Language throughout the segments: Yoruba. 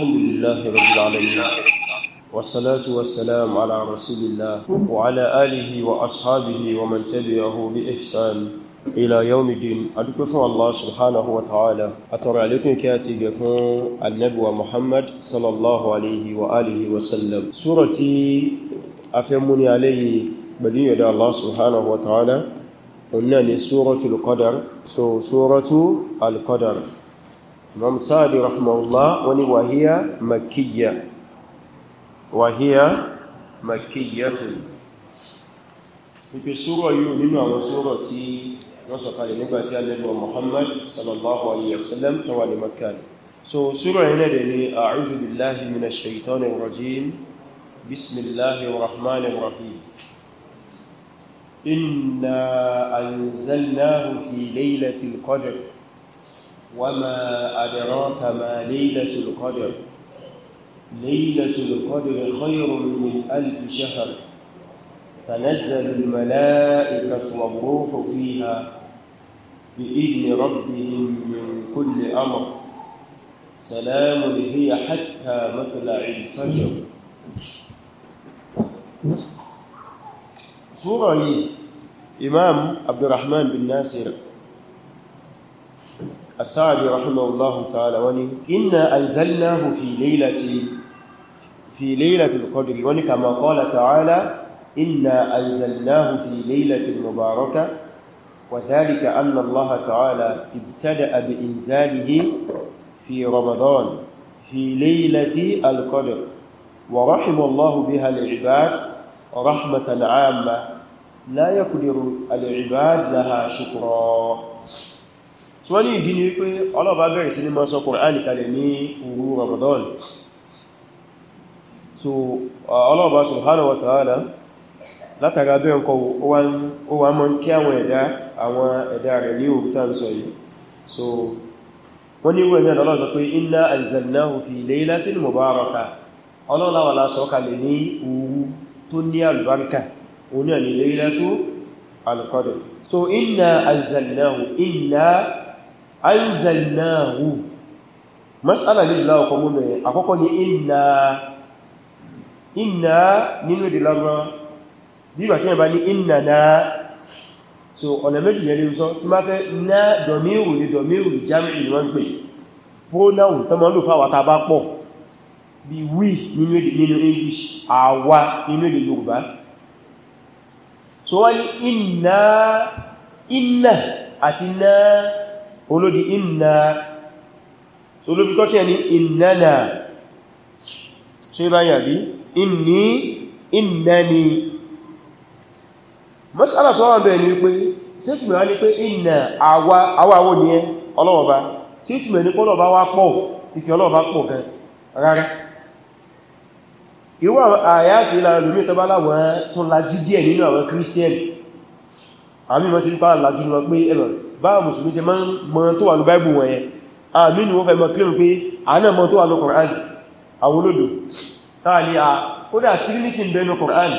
الحمد لله رب العالمين والصلاة والسلام على رسول الله وعلى آله وأصحابه ومن تبعه بإحسان إلى يوم الدين أدكفو الله سبحانه وتعالى أترى لكم كاتي قفو النبوة محمد صلى الله عليه وآله وسلم سورة أفهمني عليه بدين يدى الله سبحانه وتعالى قلنا لسورة القدر سو سورة القدر Imam Sa'di rahimahullah wani wahiya makiyya wahiya makiyya ipe sura yìí nínú àwọn suru tí wọ́n sọ kalẹ̀ nígbà tí Ànábì Muhammad sallallahu alaihi wasallam tó wà ní Makkah so suru yìí nade ni a'udhu billahi minash shaitanir rajim bismillahir rahmanir rahim inna anzalnahu fi laylatil qadr وما أدراك ما ليلة القدر ليلة القدر خير من ألف شهر تنزل الملائكة والروح فيها بإذن ربهم من كل أمر سلام هي حتى مطلع الفجر سورة إمام عبد الرحمن بن ناصر السعدي رحمه الله تعالى وني إنا أنزلناه في ليلة في ليلة القدر وني كما قال تعالى إنا أنزلناه في ليلة مباركة وذلك أن الله تعالى ابتدأ بإنزاله في رمضان في ليلة القدر ورحم الله بها العباد رحمة عامة لا يقدر العباد لها شكرا tí wọ́n ní ìdí ni wípé ọlọ́ọ̀bá bẹ̀rẹ̀ sí ní máa sọ Kùránì kalẹ̀ ní òru Ramadan so ọlọ́ọ̀bá subhanahu wa ta'ala látara bẹ́ẹ̀ ń kọ ó wá mọ́ kí àwọn ẹ̀dá àwọn ẹ̀dá rẹ̀ ní òru ń sọ yìí so wọ́n ní wọ́n ní ọlọ́ọ̀sọ anzalnahu mas'ala méjì láwọ̀kọ́ mú mẹ́rin àkọ́kọ́ ni inna inna nínú èdè lágbà bíbà tí ẹ̀bá ní inna na so ọ̀nà méjì yẹn lè sọ tí máa fẹ́ na dọ̀míhù ní dọ̀míhù jami'i wọ́n pè pronoun tó máa lò fáwà tàbá pọ̀ bí we nínú èdè nínú English àwa nínú èdè Yorùbá so wọ́n ní inna inna àti náà olódi inna olóbi kọ́kí ẹni innana ṣe bá yà bí inni innani masala tó wọ́n bẹ̀rẹ̀ ní pé sítìmẹ̀ wá ní pé inna àwa àwọ̀ ní ẹ ọlọ́ọ̀bá sítìmẹ̀ ní pọ́lọ̀bá wá pọ̀ ìkẹ́ ọlọ́ọ̀bá pọ̀ gan rárá ìwọ̀ àyà ti lára lórí tọba láwọn tún lajú díẹ̀ nínú àwọn kírísítẹ́nì àmì mọ́ sí pàà lajú pé ẹlọ́rẹ̀ báwọn mùsùlùmí ṣe mọ́ tó wà ní báìbù wọ̀nyẹ àmínú wọ́n fẹ́ mọ́ kílùm pé àánà mọ́ tó wà ní Kùránì àwọn olódò táàlì à kódà trinity ń bẹ ní Kùránì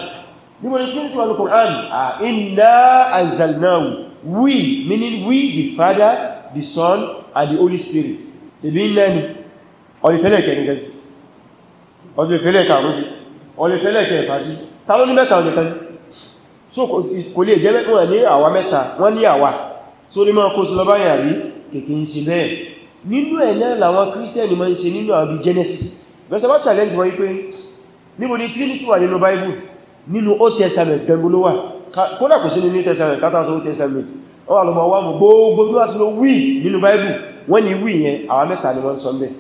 níbo ni trinity wà ní Kùránì à inna anzalnahu we meaning we the Father the Son and the Holy Spirit ṣebí ńlẹ́ ni ọlẹ́fẹ́lẹ́ kẹrìnkẹsì ọlẹ́fẹ́lẹ́ kàrúsì ọlẹ́fẹ́lẹ́ kẹfàsí ta ló ní mẹ́ta ọ̀nìkan so kò lè jẹ́ mẹ́ta wọ́n ní àwa mẹ́ta wọ́n ní àwa so ní máa kó sí lọ báyìí àrí kèkè ń ṣe bẹ́ẹ̀ nínú ẹ̀ náà làwọn kírísítẹ́nì máa ń ṣe nínú àbí Genesis verse about challenge wọ́n wípé níbo ni Trinity wà nínú Bible nínú Old Testament gẹ̀gbọ́n ló wà kódà kò sí ní New Testament kátàṣọ Old Testament ó wà lọ́mọ wà mọ̀ gbogbo ló wà sí ló wí nínú Bible wọ́n ni wí yẹn àwọn mẹ́ta ni wọ́n sọ bẹ́ẹ̀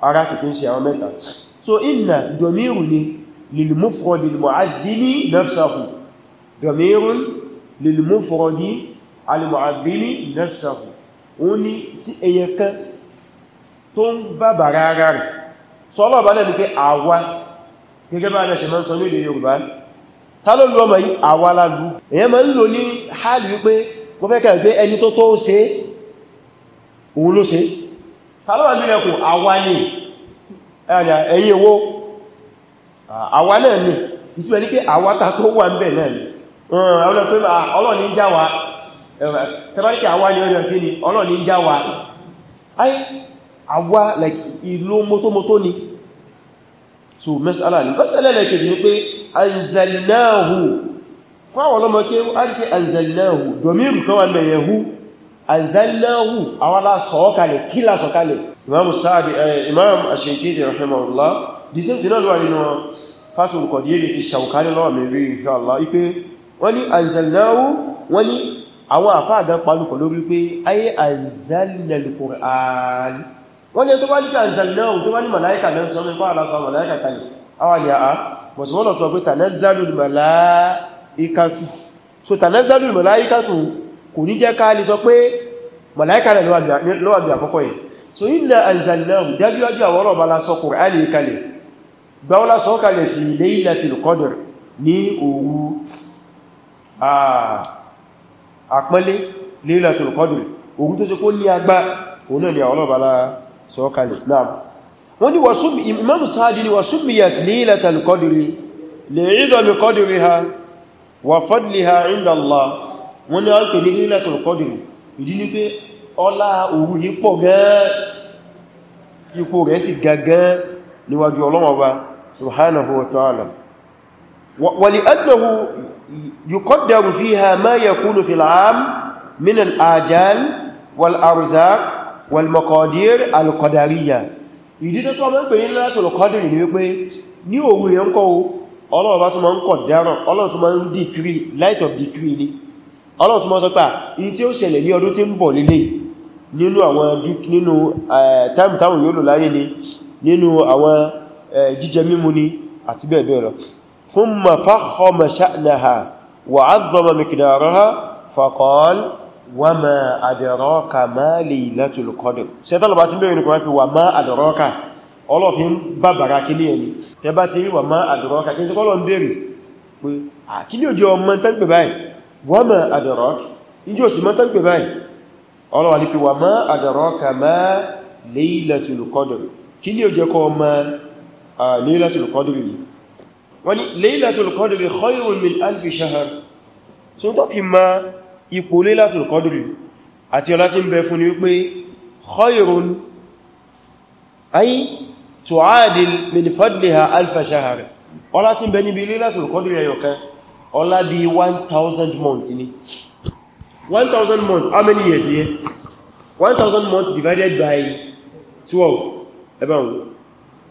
ara kìkì ń ṣe àwọn mẹ́ta so inna domiru ni lilmufrodi lilmu'azzini nafsahu domirun lilmufrodi alìmọ̀àbíní nafsahu òun ni sí ẹyẹ kan tó ń bàbà rárá rẹ̀ sọ́lọ̀ bá lẹ́nu pé àwa gẹ́gẹ́ bá lẹ́ṣẹ̀ mọ́ sọ nílùú Yorùbá ta ló lú ọmọ yìí àwa lálú èyẹ ma ń lò ní hálì wípé wọ́n fẹ́ kẹ́ pé ẹni tó tó ṣe òun ló ṣe ta ló wà nílẹ̀ kù àwa ni ẹ̀yìn owó àwa náà ni ìtú ẹni pé àwa ta tó wà ń bẹ̀ náà ni ọlọ́ni jáwa tẹ́báríkì àwa ni ọ̀nà kí ni ọlọ́ ní já wa ayé àwa ìlú so mẹ́sàlá ní mẹ́sàlẹ̀ kejì ní pé anzalnahu fún àwọn ọlọ́mọ kí a ń pè anzalnahu domin kan wà mẹ́yẹ̀ hu anzalnahu àwa la sọ̀ọ́kalẹ̀ kí la sọ̀kalẹ̀ imam sáàdì eh, imam ash-Shaykiti rahimahullah di same thing náà lọ́wọ́ nínú fatul Qadir ìṣàwùkálẹ̀ àwọn àfá àgán palùkọ̀ lórí pé ayé anzalnal Qur'an wọ́n ni tó bá nípa anzalnahu tó bá ní màláíkà lẹ́nu sọ́nà ipá aláṣọ màláíkà kan àwọn ni àá bọ̀tí wọ́n lọ́tọ̀ pé tanazzalul malaikatu so tanazzalul malaikatu kò ní jẹ́ ká lè sọ pé màláíkà lọ́wà bí àkọ́kọ́ yìí so inna anzalnahu dájúdájú àwọn ọ̀rọ̀ bá lásọ Qur'an kalẹ̀ gbáwọ́ lásọ kalẹ̀ fi laylatil qadr ní òru àpẹ́lé Laylatul Qadr òun tó ṣe kó lé agbá òun náà ni àwọn ọlọ́bàlá sọ́kalẹ̀ náà wọ́n ni Imam Sa'di ni wasummiyat Laylatul Qadr li'idhami qadriha wa fadliha 'inda Allah wọ́n ni wọ́n pè ní Laylatul Qadr ìdí ni pé ọlá òru yìí pọ̀ gan ipò rẹ̀ يقدر فيها ما يكون في العام من الآجال والأرزاق والمقادير القدرية ìdí tó tó mẹ́rin pè ní láti olùkọ́dìrì ní wípé ní òun yẹn kọ́ o Ọlọ́run bá tún ma ń kọ̀ dáràn Ọlọ́run tún ma ń dìkírí light of decree ní Ọlọ́run tún ma sọ pé in tí ó ṣẹlẹ̀ ní ọdún tí ثم فخم شأنها وعظم مقدارها فقال وما أدراك ما ليلة القدر سيطان باتن بيو نكوان في وما أدراك ọlọ́ fi ń bàbàrà kí ní ẹni tẹbá ti rí wà máa àdìrọ́kà kí n sí kọ́lọ̀ ń bèèrè pé kí ní òjò ọmọ tẹ́gbẹ̀ báyìí wà máa àdìrọ́kà ìjọ sí mọ́ tẹ́gbẹ̀ báyìí ọlọ́wà ní pé wà máa àdìrọ́kà máa Laylatul Qadr wọ́n ni Laylatul Qadri khayrun min alfi shahr so tó fi ma ipò Laylatul Qadri àti ọlá tí ń bẹ fún ni wípé khayrun ayi tu'adil min fadliha alfa shahr ọlá tí ń bẹ níbi Laylatul Qadri ẹyọkan ọlá bí months how many years yẹ 1000 months divided by 12 ẹbáwọn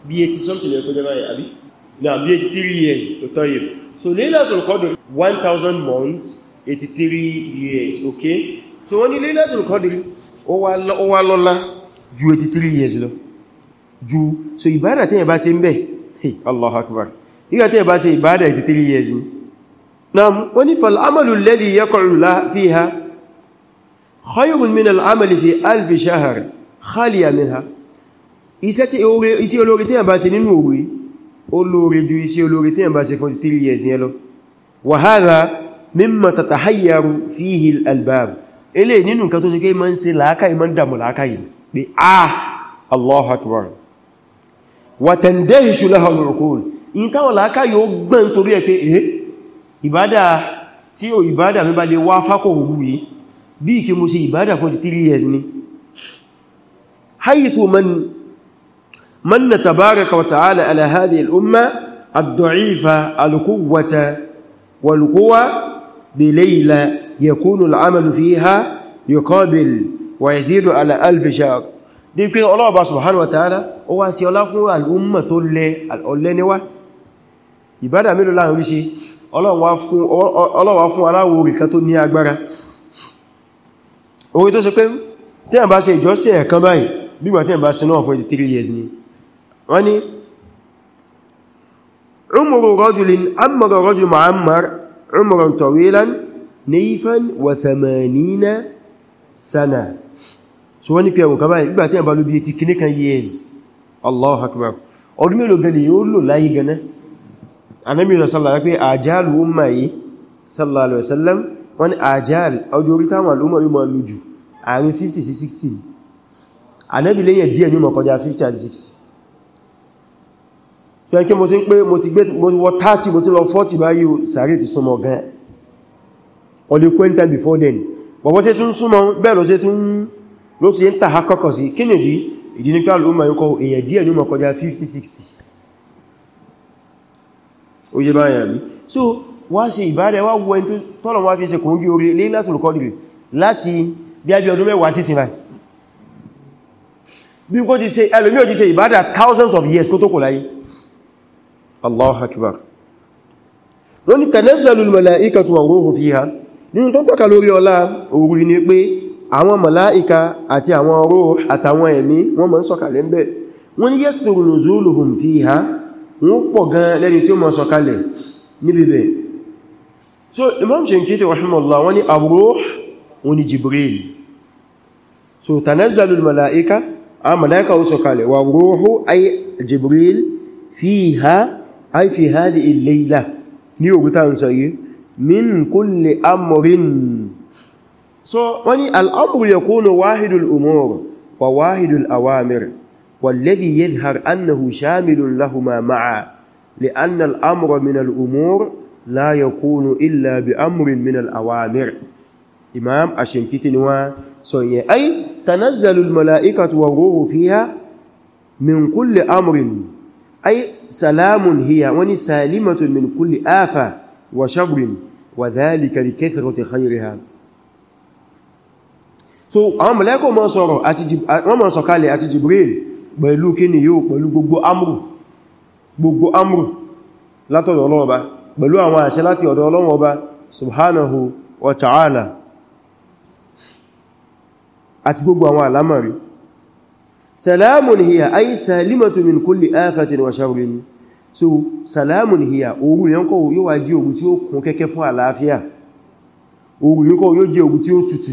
bí 80 something ẹ̀kọ́ jẹ́ now bí 83 years tó tán yìí so Laylatul Qadr 1000 months 83 years okay so when ní Laylatul Qadr ó wá lọ́lá ju 83 years lọ ju so ìbádà tẹ́yẹ̀ bá ṣe ń bẹ̀ hey Allah Akbar ìgbà tẹ́yẹ̀ bá ṣe ìbádà 83 years ni na wọ́n ní fal'amalu alladhi yaqa'u fiha khayrun min al'amali fi alfi shahr khaliya minha iṣẹ́ olóri tẹ́yẹ̀ bá ṣe nínú òwe ó lóore ju iṣẹ́ olóore tí ẹ̀mbá ṣe 43 years yẹn lọ wa hadha mimma tatahayyaru fihi al-albab ilé nínú nǹkan tó ṣe kéé ma ń ṣe làákàí ma ń dàmù làákàí pé ah Allahu akbar wa tandahishu laha al-uqul in táwọn làákàí ó gbọ́n torí ẹ̀ eh, bí kí mo ṣe ìbádà 43 years ni haythu man من تبارك وتعالى على هذه الأمة الضعيفة القوة والقوة بليلة يكون العمل فيها يقابل ويزيد على ألف شهر دي كي الله با سبحانه وتعالى هو سي الله فún الأمة tó lé ọ̀lẹ ni wá ìbádà mélòó la rí sí Ọlọ́run wá fún Ọlọ́run wá fún aláwo rí kan tó ní agbára orí tó ṣe pé tí ẹ̀n bá ṣe ìjọ́sìn ẹ̀kan báyìí bí gbà tí ẹ̀n bá ṣe náà fún 83 years ni wọ́n ni umru rajulin amara rajul ma'ammar umran tawilan nayfan wa thamanina sana so wọ́n ni pé ẹwọ̀n kaba ìgbà tí a bá ló bí etí kìníkan years Allahu akbar ọdún mélòó gẹ̀lẹ̀ yóò lò láyé gẹ̀nẹ́ anábì sallallahu alaihi wasallam pé àjálù umma yìí sallallahu alaihi wasallam wọ́n ni àjálù ọjọ́ orí táwọn al'umma yóò máa lójú 50 sí 60 anábì lẹ́yìn díẹ̀ yóò máa 50 àti tó yẹ kí mo sí pé mo ti gbé mo wọ 30 mo ti lọ 40 báyìí sàárè ti súnmọ́ gan o lè kó anytime before then bọ̀bọ́ sí tún súnmọ́ bẹ́ẹ̀ lọ sí tún ló ti ń tàhá kọ́kọ̀ sí kí nìdí ìdí ní pé alùmọ̀ yíkọ èèyàn díẹ̀ ní ó máa kọjá 50-60 ó yé báyàn rí so wá ṣe ìbádẹ́ wá wọ ẹni tó tọ́lọ̀ wá fi ṣe kò ń gí orí lé láti olùkọ́dìrì láti bí i ọdún mẹ́wàá sí sinai bí kó ti ṣe ẹlòmí ò ti ṣe ìbádà thousands of years kó tó kò láyé Allahu akbar ló ní tanazzalul mala'ikatu wa ruhu fiha nínú tó tọ́ka lórí ọlá òwúrí ni pé àwọn mala'ika àti àwọn ruh àtàwọn ẹ̀mí wọ́n máa ń sọ̀kalẹ̀ ń bẹ̀ wọ́n ní yakthuru so Imam Shinkiti rahimahullah wọ́n ní ar-ruh wọ́n so tanazzalul mala'ika a mala'ika ó sọ̀kalẹ̀ wa ruhu ay fiha ay fi hadhihi al-layla ní ògúta ń min kulli amrin so wọ́n ni al'amru yakunu wahidul umur wa wahidul awamir والذي يظهر أنه شامل لهما معا لأن الأمر من الأمور لا يكون إلا بأمر من الأوامر imam ashinkiti ni wọ́n sọ yẹn ay tanazzalul mala'ikatu wa ruhu fiha min kulli amrin أي سلام هي وني سالمة من كل آفة وشبر وذلك لكثرة خيرها so àwọn mọ̀lẹ́kọ̀ mọ́ sọ̀rọ̀ wọ́n mọ́ sọ̀kalẹ̀ àti Jibril pẹ̀lú kíni yóò pẹ̀lú gbogbo amru gbogbo amru látọ̀dọ̀ Ọlọ́run Ọba pẹ̀lú àwọn àṣẹ láti ọ̀dọ̀ Ọlọ́run Ọba subhanahu wa ta'ala àti gbogbo àwọn àlámọ̀rí salamun hiya ay salimatu min kulli afatin wa sharrin so salamun hiya òru yan ko yó wá jí òru tí ó kún kẹ́kẹ́ fún àlàáfíà òru yan ko yó jí òru tí ó tutù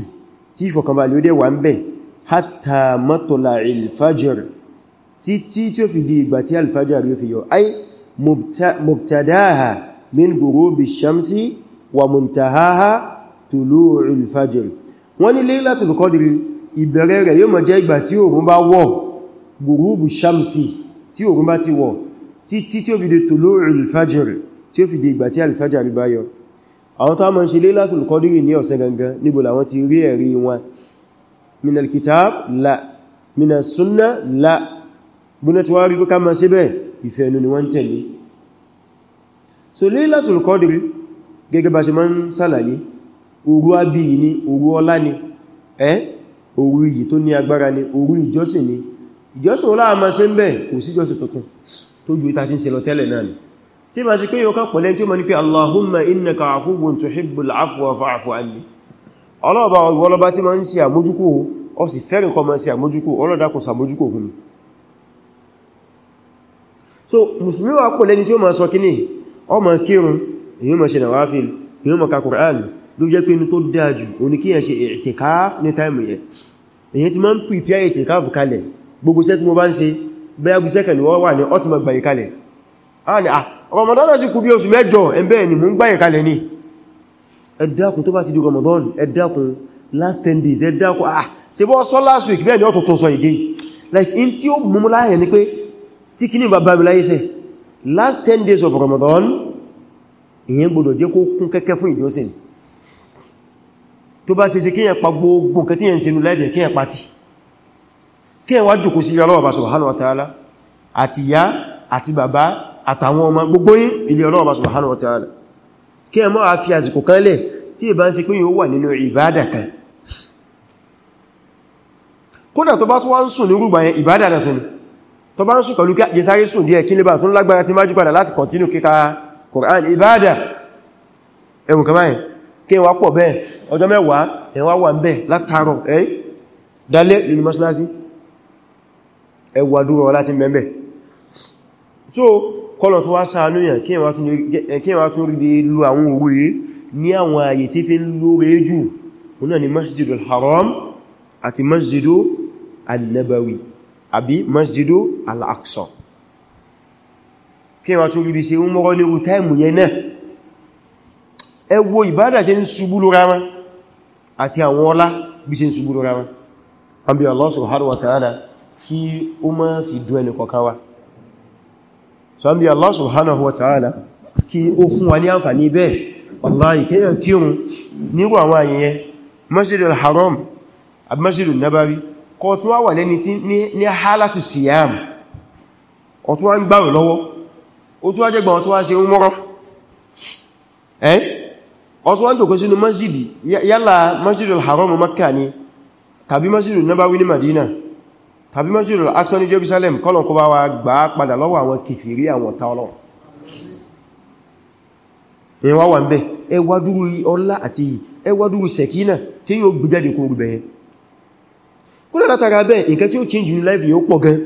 tí ìfọ̀kàn balẹ̀ ó dé wà ńbẹ̀ hatta matla'il fajr tí tí tí ó fi di ìgbà tí al-fajr fi yọ ay mubtadaha min ghurubi shamsi wa muntahaha tulu'il fajr wọ́n laylatul qadri ìbẹ̀rẹ̀ rẹ̀ yóò mọ̀ jẹ́ ìgbà tí òòrùn bá wọ̀ gùrúbù shamsi tí òòrùn bá ti wọ̀ títí tí ó fi dé tòló alfajir tí ó fi dé ìgbà tí alfajir bá yọ àwọn tó mọ́ ṣe Laylatul Qadri ní ọ̀sẹ̀ kitab la min sunna la búnẹ̀ tí wá rí píká ma ṣe so Laylatul Qadri gẹ́gẹ́ bá ṣe mọ́ ń sàlàyé òru àbí eh òru iyì tó ní agbára ni òru ìjọsìn ni ìjọsìn wọ́n láàmà ṣe ń bẹ̀ kò sí ìjọsìn tuntun tó ju ìta tí ń ṣe lọ tẹ́lẹ̀ náà tí ma ṣe pé yóò kọ́pọ̀ lẹ́n tí ó ma ní pé Allahumma innaka afuwun tuhibbul afwa fa'fu anni faafu ọgbọ́lọ́bá tí ma ń ṣe àmójúkò ọ sì fẹ́rin kọ ma ṣe àmójúkò ọlọ́dákùn sàmójúkò fún so musulmi wa kò lẹ́ni tí ó ma sọ kíní ọ ma kírun èyí ma ṣe nàwáfil ló jẹ́ pé inú tó dájú òní kí yẹn ṣe ìtìkáf ní táìmù yẹn èyàn ti máa ń prepare ìtìkáf kalẹ̀ gbogbo sẹ́ tí mo bá ń ṣe bẹ́yàgbù sẹ́kẹ̀ ni wọ́n wà ní ọtí máa gbàyè kalẹ̀ ah, Ramadan sì kù bí oṣù mẹ́jọ ẹ̀bẹ́ ni mo ń gbàyè kalẹ̀ ni ẹ dákun tó bá ti di Ramadan ẹ dákun last 10 days ẹ dákun ah, last week bẹ́ẹ̀ ni ó tuntun sọ like in tí ó mú láyẹ̀ ni last 10 days of Ramadan ìyẹn gbọdọ̀ jẹ́ kó kún kẹ́kẹ́ fún ìjọsìn tó bá ṣe ṣe kíyàn pa gbogbo nǹkan tíyàn ṣe nú lẹ́dẹ̀ kíyàn pa tí kíyàn wá jùkú sí Ọlọ́run Ọba subhanahu wa ta'ala àti ìyá àti bàbá àtàwọn ọmọ gbogbo yín ilé Ọlọ́run Ọba subhanahu wa ta'ala kíyàn mọ́ àfi àsìkò kan lẹ̀ tí ìbá ń ṣe pé yóò wà nínú ìbádà kan kódà tó bá tún wá ń sùn ní rúgbà yẹn ìbádà náà tún tó bá ń sùn pẹ̀lú kí wá pọ̀ bẹ́ẹ̀ ọjọ́ mẹ́wàá ẹ̀wà wà ń bẹ̀ látàárọ̀ ẹ́ dalẹ́ lórí mọ́sálásí ẹwà dúró ọlá mẹ́mẹ́ so kọlọ̀ tó wá ṣàánúyàn kí wá tún rí lú àwọn òwe ní àwọn àyè tí fi ń lóre jù ọ̀nà ni masjidu al-haram àti masjidu al-nabawi àbí masjidu al-aqsa kí wá tún ẹ wo ìbádà ṣe ń ṣubú lóra wọn àti àwọn ọlá bí ṣe ń ṣubú lóra wọn an bí Allah subhanahu wa ta'ala kí ó má fi dú ẹni kọ̀ọ̀kan wa so an bí Allah subhanahu wa ta'ala kí ó fún wa ní àǹfàní bẹ́ẹ̀ haram àbí nabawi kọ tún wà lẹ́ni tí ní siyam ọ̀tún wá ń gbàrù lọ́wọ́ ó tún wá jẹ́gbà ọ̀tún wá ṣe ń mọ́rọ́ ẹ́ ọsọ wọ́n jòkó sínú masjidi yálà masjidi al-haram makka ni tàbí masjidi nabawi ní madina tàbí masjidi al-aqsa ní jerusalem kọlọ̀ kọba wa gbà padà lọ́wọ́ àwọn kìfìrí àwọn taọ́lọ̀ ìwà wà ń bẹ́ ẹwàdúrú ọlá àti ẹwàdúrú sẹ̀kínà tí yóò gbìjáde kó gbẹ̀yẹ kúrò látara bẹ́ nǹkan tí ó change ní life yóò pọ̀ gan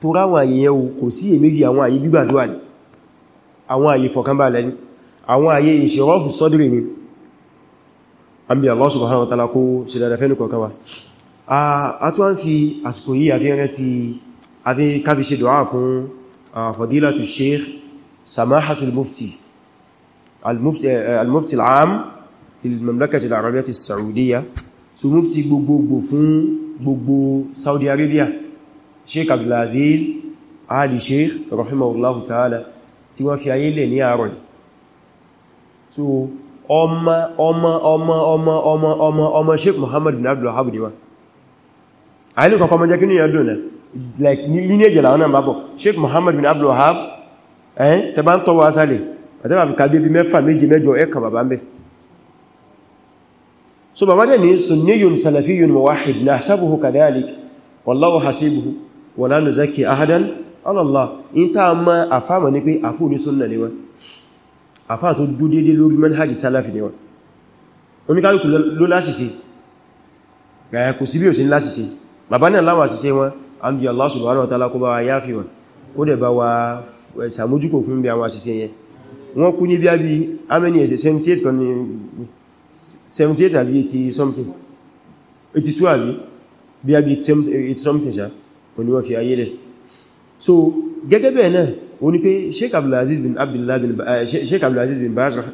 tó ráwọn àyẹ̀yẹ̀ kò sí èméjì àwọn àyè gbígbàdúwà ní àwọn àyè fọ̀kànbalẹ̀ ni àwọn ayé ìṣẹ́rọ́gù sọ́dìrì ni àbí Allah subhanahu wa ta'ala kó ṣe dada fẹ́ nìkọ̀ọ́kan wa a tó ń fi àsìkò yìí àfi rẹ̀ ti àfi kábi ṣe dọ́wà fún fadilatu sheikh samahatu al-mufti al-mufti eh, al'am il-mamlakati al-arabiyyati saudiya su mufti gbogbogbò fún gbogbo ali sheikh rahimahullahu ta'ala tí wọ́n fi ayé lè ní àárọ̀ yìí so ọmọ ọmọ ọmọ ọmọ ọmọ ọmọ ọmọ Sheikh Muhammad bin Abdul Wahhab ni wá àìlú kankan mọ́ jẹ́ kí ní ẹ̀dùn náà like lineage làwọn náà bábọ̀ Sheikh Muhammad bin Abdul Wahhab ẹ́n tẹbá ń tọwọ́ asálẹ̀ àtẹ́bà fi kàbí bí mẹ́fà méje mẹ́jọ ẹ̀kà bàbá ń bẹ́ so bàbá dẹ̀ ní sunniyun salafiyun muwahid nahsabuhu kadhalik wallahu hasibuhu wala nuzakki ahadan ala Allah in ta ma àfáàmà ni wọ́n àfáà tó dú dédé lórí manhajj salafi ni wọ́n oníkálùkù ló láṣìṣe gàyà kò sí bí ò sí láṣìṣe bàbá náà láwà ṣiṣẹ́ wọn àbí Allah subhanahu wa ta'ala kó bá wa yáfi wọn kó dẹ̀ 78 kan 78 àbí 80 something 82 àbí bí i 80 something ṣá kò ní so gẹ́gẹ́ bẹ́ẹ̀ náà o ní pé sheik abdulaziz bin abdullah bin eh, sheik abdulaziz bin baz eh,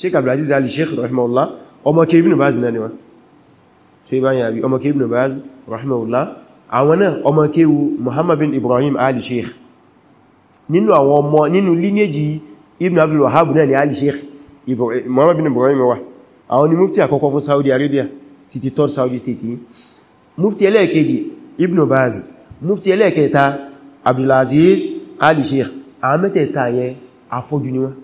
sheik abdulaziz ali sheik rahimahullah ọmọ kí ibn baz náà ni wọ́n so ibá yàbí ọmọ kí ibn baz rahimahullah àwọn náà ọmọ kí wu muhammad bin ibrahim ali sheik nínú àwọn ọmọ nínú lineage ibn abdul wahhab náà ni ali sheik eh, muhammad bin ibrahim wa àwọn ni mufti àkọ́kọ́ fún saudi arabia títí third saudi Abdulaziz Ali Sheikh àwọn mẹ́tẹ̀ẹ̀ta yẹn afọ́jú ni wọ́n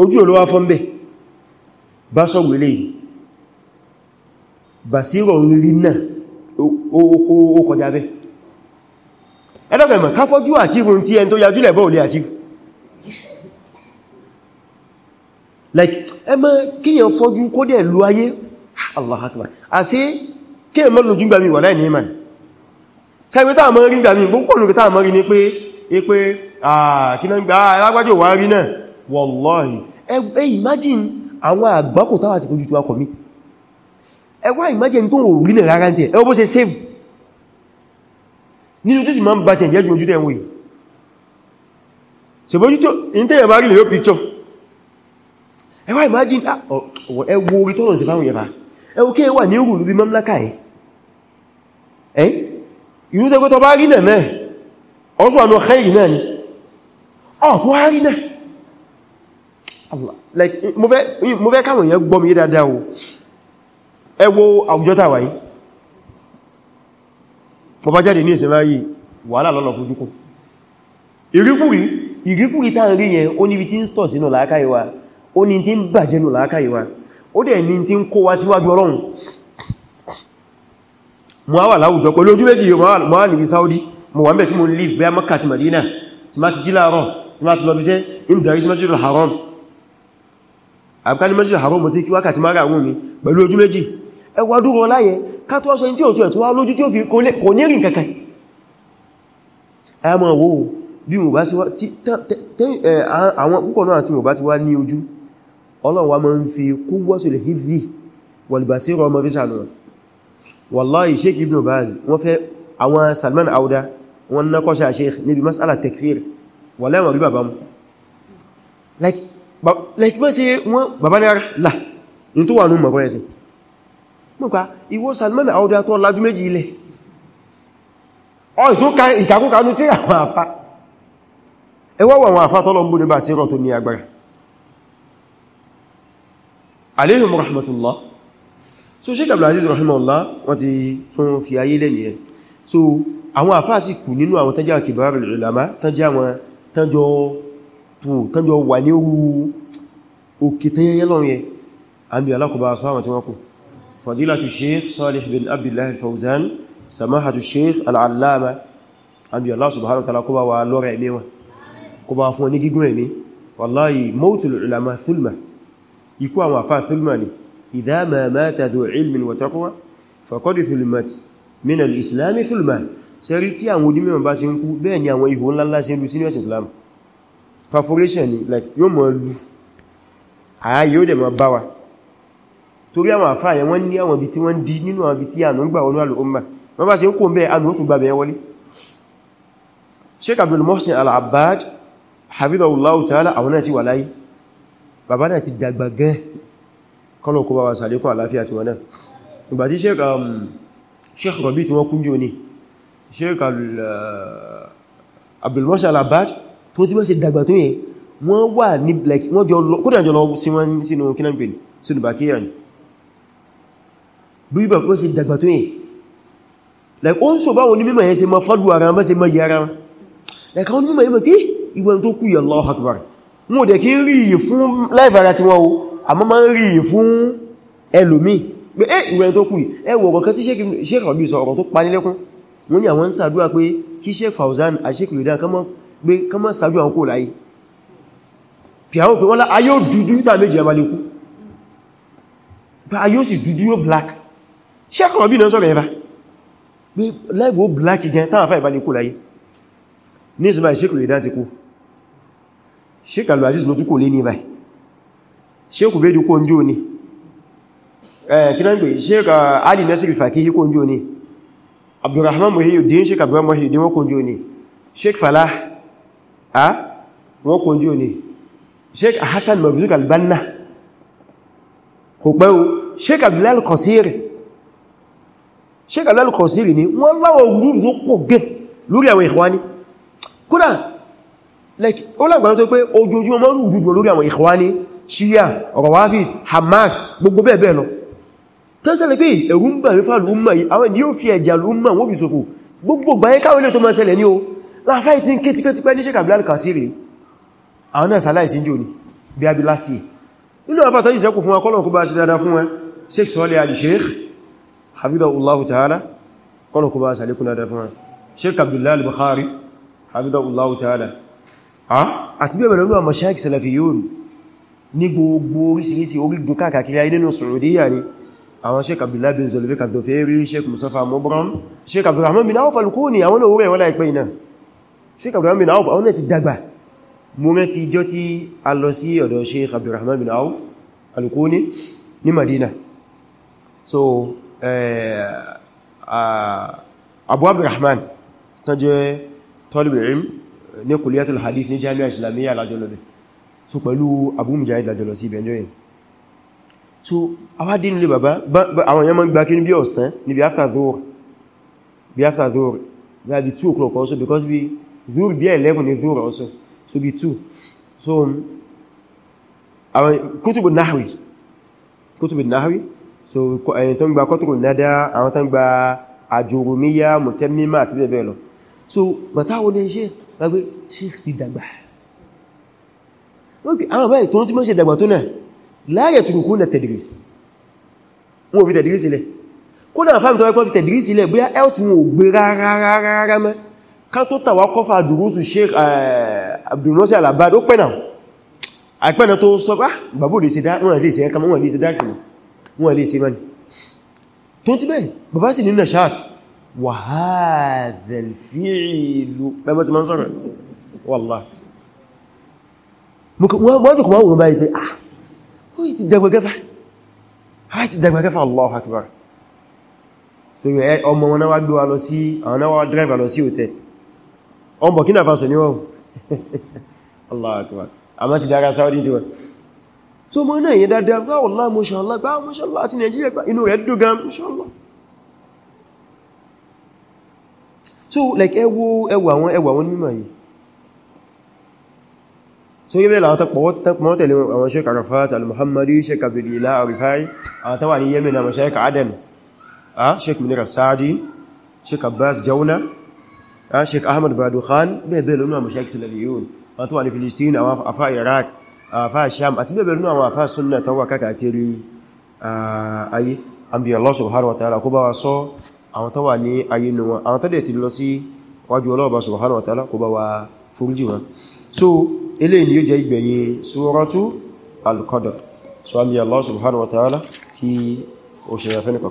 ojú olówá fọ́n bẹ̀ bá sọ́gbẹ̀ lè bàsírọ̀ rírí náà ó kọjá bẹ́ ẹlọ́gbẹ̀mọ̀ káfọ́jú àchífù tí ẹn tó yajúlẹ̀ bọ́ olè àchífù like ẹmọ kíyàn fọ́jú kó dẹ̀ lú ayé Allah akbar àṣé kíyàn mọ́ lójú gbàmí wà láì ní ìmàní sẹ́gbẹ́ tàà mọ́ rí gbà ní púpọ̀lù kí tàà mọ́ rí ní pé ipé àkínágbà alágbàjò wà rí náà wallahi ẹ imagine àwọn àgbákò tàà ti kojú tíwá commit ẹwà imagine tó ò rí náà rárá tí ẹ bó ṣe save nínú tí sì máa ń bá tẹ̀jẹ́ jù ojú tẹ̀ wòye ṣèbójú tó in tẹ́yẹ̀ bá rí lè picture ẹwà imagine ah, ẹwọ orí tọ́lọ̀ sí fáwọn yẹ̀fà ẹwọ kí ẹ wà ní òrùn lórí mamlaka ìrútẹ́ pé tọ bá rí náà mẹ́ ọ́sùn àmì ọ̀hẹ́ o ẹ wo àwùjọ tàwà yìí fọba jáde ní ìsinmi ayé wàhálà lọ́nà fojúkú ìríkùrí ìríkùrí tá ń rí yẹn ó níbi tí ń tọ̀ sínú làákàyè wa ó ní tí ń bàjẹ́ nù làákàyè wa ó dẹ̀ ní tí ń kó wa síwájú ọlọ́run mo wà láwùjọ pẹ̀lú ojú méjì mo wà níbi Saudi mo wà ń bẹ̀ tí mo ń leave bẹ́yà Mọ́kà àti Madina tí má ti jí láàárọ̀ tí má ti lọ bí iṣẹ́ inú darí sí Masjidul Haram àbúkání Masjidul Haram tí kí wákàtí mara àwọn mi pẹ̀lú ojú méjì ẹwà dúró láyẹ kátó aṣọ tí ó tí ó tí wá lójú tí ó fi kò ní rìn bí mo wa máa ń fi quwwatul hifzi wal basira ọmọ rí sànúwọ̀n wallahi sheik ibn baz wọ́n fẹ́ àwọn salman auda wọ́n na ko sha sheik níbi mas'ala takfir wallahi wọ́n rí bàbá like ba like wọ́n ṣe wọ́n bàbá ni ara la in tó wà nu mo ko yesin mo pa ìwọ salman auda tó làjú méjì ilé o so ka ikaku kanu ti àwọn afa ẹ wá àwọn afa tó lọ nbu ni ba se ro tó ní rahmatullah so Sheikh Abdulaziz rahimahullah wọ́n ti tún fi ayé lẹ́ni ẹ̀ so àwọn àfáàsì kù nínú àwọn tánjá kìbárùn ìlàmá tánjá wọn tánjọ tó tánjọ wà ní orú òkè tanyẹyẹ lọ́run yẹ àmì alákọ̀bá ikú àwọn àfáà thulma ni إذا ما مات ذو علم وتقوى فقد ثلمت من الإسلام ثلما sẹ́rí tí àwọn onímọ̀ bá ṣe ń kú bẹ́ẹ̀ ni àwọn ihò ńláńlá ṣe ń lu sínú ẹ̀sìn Islam perforation ni like yóò mọ̀ lù ààyè ó dẹ̀ torí àwọn àfáàyẹ wọ́n ní àwọn ibi tí wọ́n dí nínú àwọn ibi tí ànú gbà wọnú al'umma wọ́n bá ṣe ń kó mẹ́ ànú ó gbà bẹ̀ẹ́ wọlé Sheikh Abdul Muhsin Al-Abbad hafidhahullahu ta'ala àwọn náà sì wà láyé bàbá náà ti dàgbà gẹ́ẹ̀ kọ́lọ̀ kó bá wa sàlékọ́ àláfíà ti wọn náà ìgbà tí Sheikh um, Rabi tí wọ́n kúnjò ní Sheikh uh, Abdulmohsen Al-Abbad tó tí wọ́n ṣe dàgbà tó yẹn wọ́n wà ní like wọ́n jọ kódàjọ lọ sí wọ́n sínú kínápin sínú bàkíyà ni bí wọ́n ṣe dàgbà tó yẹn like ó ń sọ báwọn ní mímọ̀ yẹn ṣe ma fọ́dù ara wọn ṣe ma yẹ ara wọn like àwọn mímọ̀ yẹn mọ̀ kí ìwọ̀n tó kú yẹ Allahu Akbar wọn ò dẹ̀ kí rí fún láìbára tí wọ́n wo àmọ́ máa ń rí fún ẹlòmí pé é eh, ìwẹ̀ tó kù ẹwọ ọ̀kọ̀kẹ́ tí Sheikh Rabi sọ ọ̀rọ̀ tó panilẹ́kún wọ́n ní àwọn ń ṣàdúrà pé kí Sheikh Fauzan àṣíkìlìdá kán mọ́ ṣàdúrà kó láyé fìyàwó pé wọ́n lá ayó dúdú tà méjì abalẹ́kú pé ayó sì dúdú yóò black Sheikh Rabi náà sọ̀rọ̀ ẹ̀fà pé láìfò black gan táwọn fà ìbálẹ́kú láyé ní ìsinmi àṣíkìlìdá ti kú Sheikh Abdul Aziz ló tún kò lé ní báyìí ṣékù Bédú kó ń jó ní kí náà ń pè ṣékà uh, alì nẹ́sìrì fàkíyí kó ń jó ní abdurrahman muhiyuddin ṣékà abdurrahman muhiyuddin wọ́n kó ń jó ní ṣék fàlá a wọ́n kó ń jó ní ṣék hassan mabzuk albanna kò pẹ́ o ṣék abdullal kọsíri ni wọ́n láwọ̀ wúrúrú tó pọ̀ gẹ́ lórí like ó lágbàrán tó pé ojoojúmọ́ mọ́rún jùgbọ́ lórí àwọn shia rawafi hamas gbogbo bẹ́ẹ̀ bẹ́ẹ̀ lọ tó ṣẹlẹ̀ pé ẹ̀rù ń bà rí fàlù umma yìí àwọn ènìyàn fi ẹ̀jà lù umma wọ́n fi sòfò gbogbo gbáyé káwọn ilé tó máa ṣẹlẹ̀ ní o láfáì tí ń ké tipẹ́tipẹ́ ní ṣẹ́kà bláàlù kàṣírì àwọn náà sàláì sí jò ní bí a bí lásì nínú àfà tó ìṣẹ́kù ní gbogbo oríṣiríṣi orígun káàkiri ayé nínú Saudiya ni àwọn Sheikh Abdullah bin Zulfiqar Dhoferi Sheikh Mustafa Mubram Sheikh Abdurrahman bin Awf al-Kuni àwọn olówó rẹ̀ wọ́n láìpẹ́ iná Sheikh Abdurrahman bin Awf àwọn náà ti dàgbà mo rẹ̀ ti jọ tí a lọ sí ọ̀dọ̀ Sheikh Abdurrahman bin Awf al-Kuni ní Madina so eh, ah, Abu Abdurrahman tán jẹ́ tọ́lù ní Kulliyatul Hadith ní Jami'a Islamiyya alájọ́lọ́dẹ̀ so pẹ̀lú Abu Mujahid lájọ lọ sí ibẹ̀ ẹjọ́ yìí so awádé nílé bàbá àwọn èèyàn máa ń gba kí ní bí ọ̀sán ní bí after dhuhr bí after dhuhr bí i 2 o'clock also because bí dhuhr bí 11 ní dhuhr also so bí 2 so um, àwọn kútùbù nahwi kútùbù nahwi so ẹ̀yìn tó ń gba kọ́tùbù nádá àwọn tó ń gba àjòròmíyà mutammima àti bẹ́ẹ̀ lọ so bàtà wọlé sheikh gbàgbé sheikh ti dàgbà àwọn báyìí tó ń tí mọ́ ṣe dàgbà tó náà láyẹ̀ tó na tẹ̀dìrísì wọ́n fi tẹ̀dìrísì lẹ̀ kó náà fáìmì tó wáyé kọ́ fi tẹ̀dìrísì lẹ̀ bóyá ẹ́ tí wọ́n gbé rárá mẹ́ ká tó tàwà kọfà dùrúsù Sheikh eh, Abdul Nasir Al-Albani ó pẹ́nà àìpẹ́nà tó stop ah bàbú lè ṣe dákì wọ́n lè ṣe dákì wọ́n lè ṣe dákì wọ́n lè ṣe mẹ́ni tó ti bẹ́ẹ̀ bàbá sì nínú ṣáàt wàhálà fíìlú wọ́n jùkú wọ́n wọ́n ah ó ti dẹgbẹ̀gẹ́fà ah ti dẹgbẹ̀gẹ́fà Allahu Akbar so yẹ ọmọ wọn náwà gbé wa lọ sí àwọn náwà driver lọ sí hotel ọmọ Burkina Faso ní wọ́n Allahu Akbar àmá ti dára Saudi ti wọ́n so mọ́ náà yẹ dáadáa gbá Allah mashallah gbá mashallah àti Nigeria gbá inú rẹ̀ dùgán mashallah so like ẹwọ ẹwọ àwọn ẹwọ àwọn mímọ̀ yìí so yíbe láwọn tẹ́pọ̀ tẹ̀lé àwọn sheik arafat al-muhammadi sheik abdullila arifai àwọn uh, tàwà ní yemen àwọn sheik adam uh, sheik minira saadi sheik abbas jauna uh, sheik ahmad badu khan bẹ́ẹ̀bẹ́ẹ̀ lónú àwọn sheik silariyun àwọn tàwà ní philistine àwọn afá iraq afá sham àti bẹ́ẹ̀bẹ́ẹ̀ lónú àwọn afá sunna tàwà kákàkiri ayé àbí allah subhanahu wa ta'ala kó bá wa sọ àwọn tàwà ní ayé nù wọn àwọn tàdẹ̀ ti lọ sí wájú ọlọ́ọ̀bá subhanahu wa ta'ala kó bá wa fúrújì wọn so eléyìí ni yóò jẹ́ ìgbẹ̀yìn suratu al-Qadr so a bí Allah subhanahu wa ta'ala kí ó ṣe yàfẹ́ nípa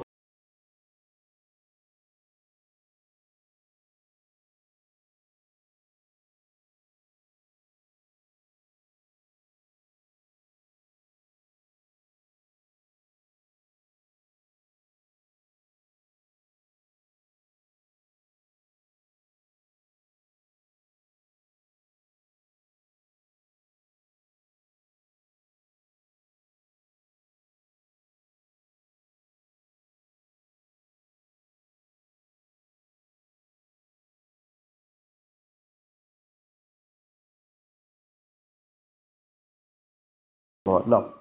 No. look.